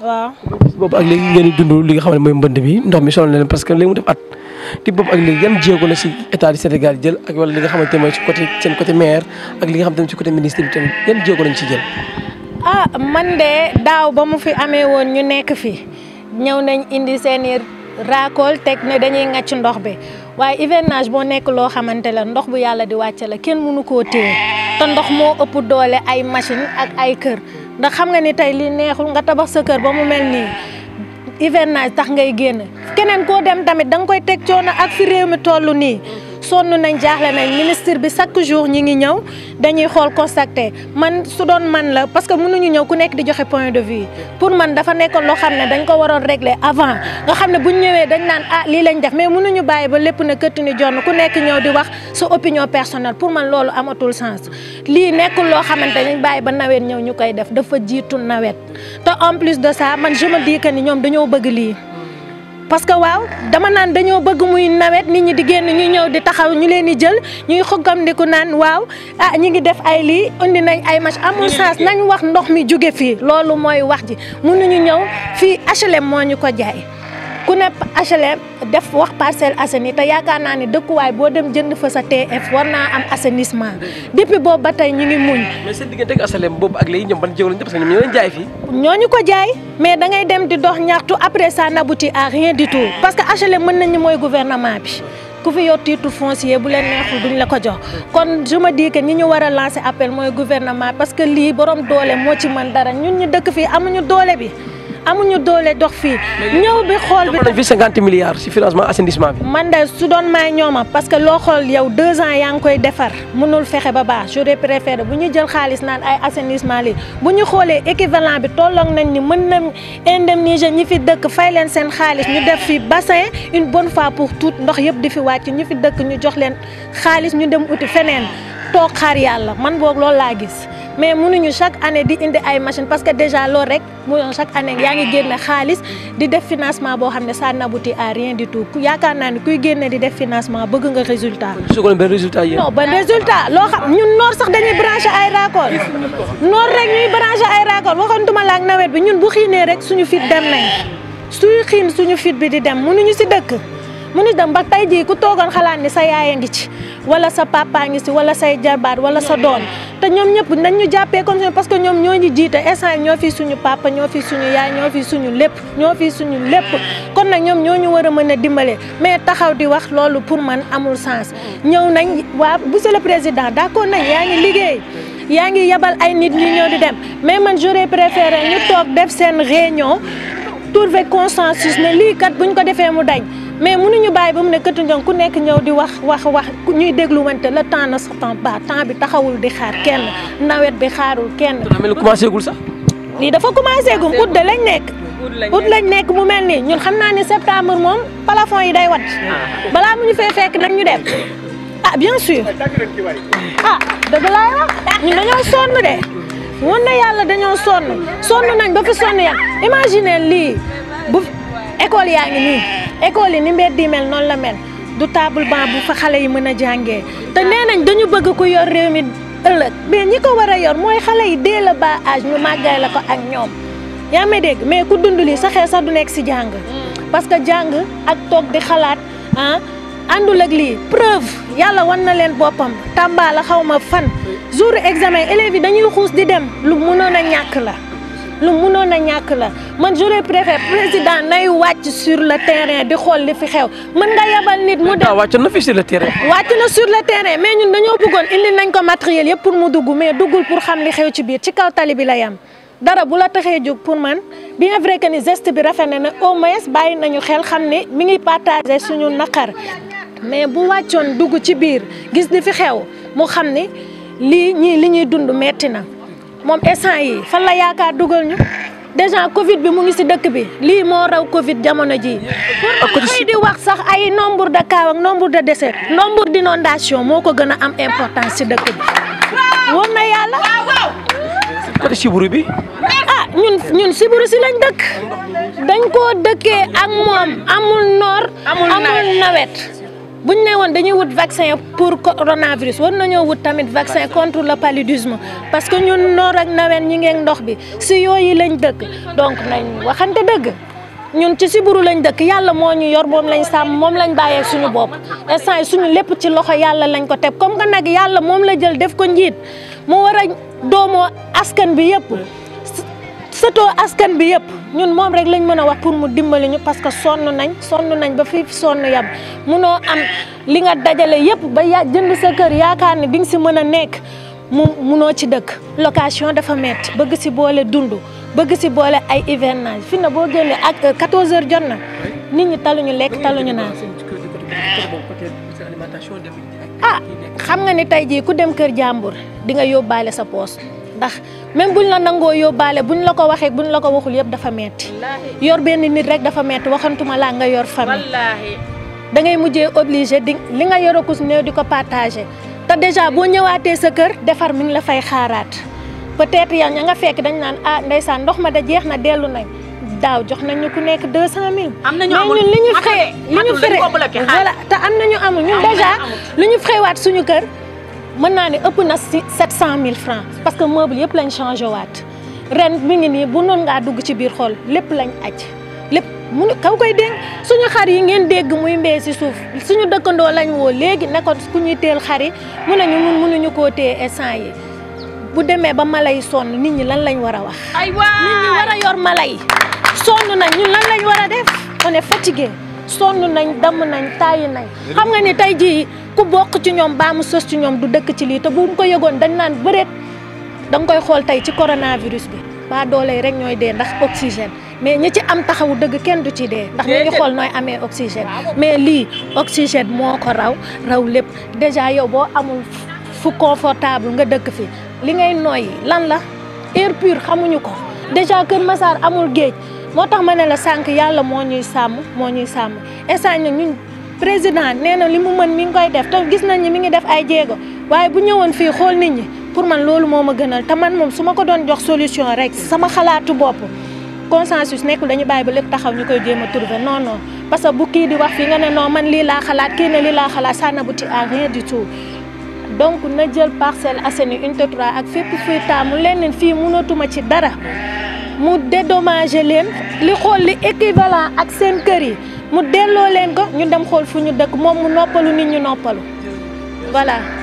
waaw bis boobu léegi ngeen di li nga xam ne mooy mbënd bi ndox mi sonal leen parce que léegi mu def at ti boobu ak léegi yan jël ak wala li nga xamante ne mooy si côté seen côté maire ak li nga xam ne si côté ministre bi tamit yan jéego lañ ci jël ah man de daaw ba mu fi amee woon ñu nekk fi ñëw nañ indi seen i raakool teg ne dañuy ŋàcc ndox bi waaye hivernage boo nekk loo xamante la ndox bu yàlla di wàcce la kenn mënu koo téye te ndox moo ëpp doole ay machine ak ay kër ndax xam nga ni tey li neexul nga tabax sa kër ba mu mel nii hivernage tax ngay génn keneen koo dem tamit danga koy teg coono ak fi réew mi toll nii sonn nañ jaaxle nañ ministre bi chaque jour ñi ngi ñëw dañuy xool constaté man su doon man la parce que mënuñu ñëw ku nekk di joxe point de vue pour man dafa nekkoon loo xam ne dañ ko waroon régler avant nga xam ne bu ñu ñëwee dañ naan ah lii lañ def mais mënuñu bàyyi ba lépp na këtt ni jonn ku nekk ñëw di wax sa opinion personnelle pour man loolu amatul sens lii nekkul loo xamante dañ bàyyi ba nawet ñëw ñu koy def dafa jiitu nawet te en plus de ça man je me dis ni ñoom dañoo bëgg lii parce que waaw dama naan dañoo bëgg muy nawet nit ñi di génn ñu ñëw di taxaw ñu leen di jël ñuy xoggam naan waaw ah ñi ngi def ay lii indi nañ ay match amul sens nañ wax ndox mi jóge fii loolu mooy wax ji mënuñu ñëw fii HLM moo ñu ko jaay ku ne HLM def wax Parcelles Assainies te yaakaar naa ne dëkkuwaay boo dem jënd fa sa TF war naa am assainissement depuis boobu ba tey ñu ngi muñ. mais seen diggante ak boobu ak léegi ñoom ban ñoo leen ko jaay mais dangay dem di dox ñaxtu après ça n'aboutit à rien du tout parce que HLM mën nañu mooy gouvernement bi. ku fi yor titre foncier bu leen neexul duñ la ko jox kon je me dis que ñi ñu war a lancer appel mooy gouvernement parce que lii borom doole moo ci mën dara ñun ñu dëkk fii amuñu doole bi. amuñu doole dox fii ñëw bi xool bi. dafa fi cinquante milliards ci financement assainissement bi. man de su doon may ñooma parce que loo xool yow deux ans yaa ngi koy defar mënul fexe ba baax j'aurais préféré bu ñu jël xaalis naan ay assainissement lii bu ñu xoolee équivalent bi tolloog nañ ni mën na indemniser ñi fi dëkk fay leen seen xaalis ñu def fi bassin une bonne fois pour toutes ndox yëpp di fi wàcc ñu fi dëkk ñu jox leen xaalis ñu dem uti feneen toog xaar yàlla man boog loolu laa gis. mais mënuñu chaque année di indi ay machine parce que déjà loolu rek mënoon chaque année yaa ngi génne xaalis di def financement boo xam ne ça n'aboutit à rien du tout yaakaar naa ne kuy génne di def financement bëgg nga résultat. su ko benn résultat yéen. non ban résultat loo xam ñun noor sax dañuy branché ay raccord noor rek ñuy branché ay raccord waxantuma la nawet bi ñun bu xiinee rek suñu fit dem nañ suñu xiin suñu fit bi di dem mënuñu si dëkk. mënuñu dem ba tay jii ku toogoon xalaat ni sa ci wala sa papa ngi ci wala say jarbaat wala sa doon. te ñoom ñëpp nañ ñu jàppee comme parce que ñoom ñoo ñu jiite instant ñoo fi suñu papa ñoo fi suñu yaay ñoo fi suñu lépp ñoo fi suñu lépp kon nag ñoom ñoo ñu war a mën a dimbale mais taxaw di wax loolu pour man amul sens. ñëw nañ waa monsieur le président d'accord nañ yaa ngi liggéey. yaa ngi yebal ay nit ñu ñëw di dem mais man j'aurais préféré ñu toog def seen réunion trouver consensus ne lii kat buñ ko defee mu dañ. mais mënuñu bàyyi ba mu ne këtu njong ku nekk ñëw di wax wax wax ñuy déglu wante le temps ne s'attend pas temps bi taxawul di xaar kenn nawet bi xaarul kenn. mel commencé gul sax. lii dafa commencé gum ut de lañ nekk. ut lañ nekk mu mel nii ñun xam naa ne septembre moom plafond yi day wat ah. balaa mu ñu fee fekk nag ñu dem ah bien sûr ah dëgg laay wax ñun dañoo sonn de woon na yàlla dañoo sonn sonn nañ ba fi sonn yàq imagine lii bu école yaa ngi nii. école yi ni mbedd di mel noonu la mel du table banc bu fa xale yi mën a jàngee te nee nañ dañu bëgg ku yor réew mi ëllëg mais ñi ko war a yor mooy xale yi dès le bas âge ñu màggaay la ko ak ñoom yaa may dégg mais ku dund lii sa sax du nekk si jàng parce que jàng ak toog di xalaat ah àndul ak lii preuve yàlla wan na leen boppam Tamba la xawma fan jour examen élèves yi dañuy xuus di dem lu mënoon a ñàkk la lu mënoon a ñàkk la man j'aurais préféré président nay wàcc sur le terrain di xool li fi xew mën nga yebal nit mu dem wàcc na sur le terrain wàcc na sur le terrain mais ñun dañoo bëggoon indi nañ ko matériel yëpp pour mu dugg mais duggul pour xam li xew ci biir ci kaw tali bi la yam dara bu la taxee jóg pour man bien vrai que ni geste bi rafet na ne au moins bàyyi nañu xel xam ni mu ngi partagé suñu naqar mais bu wàccoon dugg ci biir gis di fi xew mu xam ni lii ñii li ñuy dund metti na moom instant yi fan la yaakaar dugal ñu déjà Covid bi mu ngi si dëkk bi lii moo raw Covid jamono jii. pour xëy di wax sax ay nombre de cas nombre de décès nombre nondation moo ko gën a am importance si dëkk bi wóor na yàlla. côté Siburu bi. ah ñun ñun Siburu si lañ dëkk. dañ koo dëkkee ak moom amul noor. amul nawet. bu ñu nee woon dañuy wut vaccin pour coronavirus war nañoo wut tamit vaccin contre le paludisme parce que ñun noor ak nawet ñi ngeen ndox bi si yooyu lañ dëkk donc nañ waxante dëgg ñun ci siburu lañ dëkk yàlla moo ñu yor moom lañ sàmm moom lañ bàyyee suñu bopp instant suñu lépp ci loxo yàlla lañ ko teg comme que nag yàlla moom la jël def ko njiit mu war a doomoo askan bi yëpp. sëtoo askan bi yëpp ñun moom rek lañ mën a wax pour mu dimbali ñu parce que sonn nañ sonn nañ ba fi sonn yam munoo am li nga dajale yëpp ba yaa jënd sa kër yaakaar ne di ñu si mën a nekk mu munoo ci dëkk. location dafa metti bëgg si boole dund bëgg si boole ay hivernage fi na boo génnee ak 14 euh, heures jot na nit ñi taluñu lekk taluñu naan. ah xam nga ni tey jii ku dem kër jàmbur di nga yóbbaale sa poos. ndax même buñ la nangoo yóbbaale bu ñu la ko waxee bu ñu la ko waxul yëpp dafa metti yor benn nit rek dafa metti waxantuma laa nga yor famille da ngay mujjee obligé di li nga yor akus néew di ko partagé te déjà boo ñëwaatee sa kër defar mu ngi la fay xaaraat peut-être yow ña nga fekk dañ naan ah ndeysaan ndox ma da jeex na dellu nañ daaw jox nañ ñu ku nekk 200000. am na ñu amul mais ñun li ñu fay li ñu fay voilà te am na ñu amul ñun déjà li ñu faywaat suñu kër. mën naa ne ëpp na si 700000 francs parce que meuble yëpp lañ changé waat ren mi ngi nii bu noon ngaa dugg ci biir xool lépp lañ aj lépp mu kaw koy dénk suñu xar yi ngeen dégg muy mbee si suuf suñu dëkkandoo lañ woo léegi nekkoon ko ku ñuy teel xar yi mu ne ñu koo téye instant yi bu demee ba mala yi sonn nit ñi lan lañ war a wax. nit ñi war a yor mala yi sonn nañ ñun lan lañ war a def on est sonn nañ damm nañ taayi nañ xam nga ku bokk ci ñoom baa mu sos ci ñoom du dëkk ci lii te bu mu ko yëgoon dañ naan bëreet da koy xool tey ci coronavirus bi baa doole yi rek ñooy dee ndax oxygène mais ñi ci am taxawu dëgg kenn du ci dee ndax ñu ngi xool nooy amee oxygène mais lii oxygène moo ko raw raw lépp déjà yow boo amul fu confortable nga dëkk fi li ngay nooyi lan la air pur xamuñu ko déjà Kër Massar amul géej moo tax ma ne la sànq yàlla moo ñuy sàmm moo ñuy sàmm ñun président nee na li mu mën mi ngi koy def te gis nañ ni mi ngi def ay jéego waaye bu ñëwoon fii xool nit ñi pour man loolu moo ma gënal te man moom su ma ko doon jox solution rek sama xalaatu bopp consensus nekkul dañu bàyyi ba lépp taxaw ñu koy jéem a trouver non non parce que bu kii di wax fii nga ne non man lii laa xalaat kii ne lii laa xalaat ça n'aboutit à rien du tout. donc na jël Parcelles Assainies unité ak fépp fuy taamu leneen fii mënatuma ci dara mu dédommager leen li xool li équivalent ak seen kër yi. mu delloo leen ko ñu dem xool fu ñu dëkk moom mu noppalu nit ñu noppalu voilà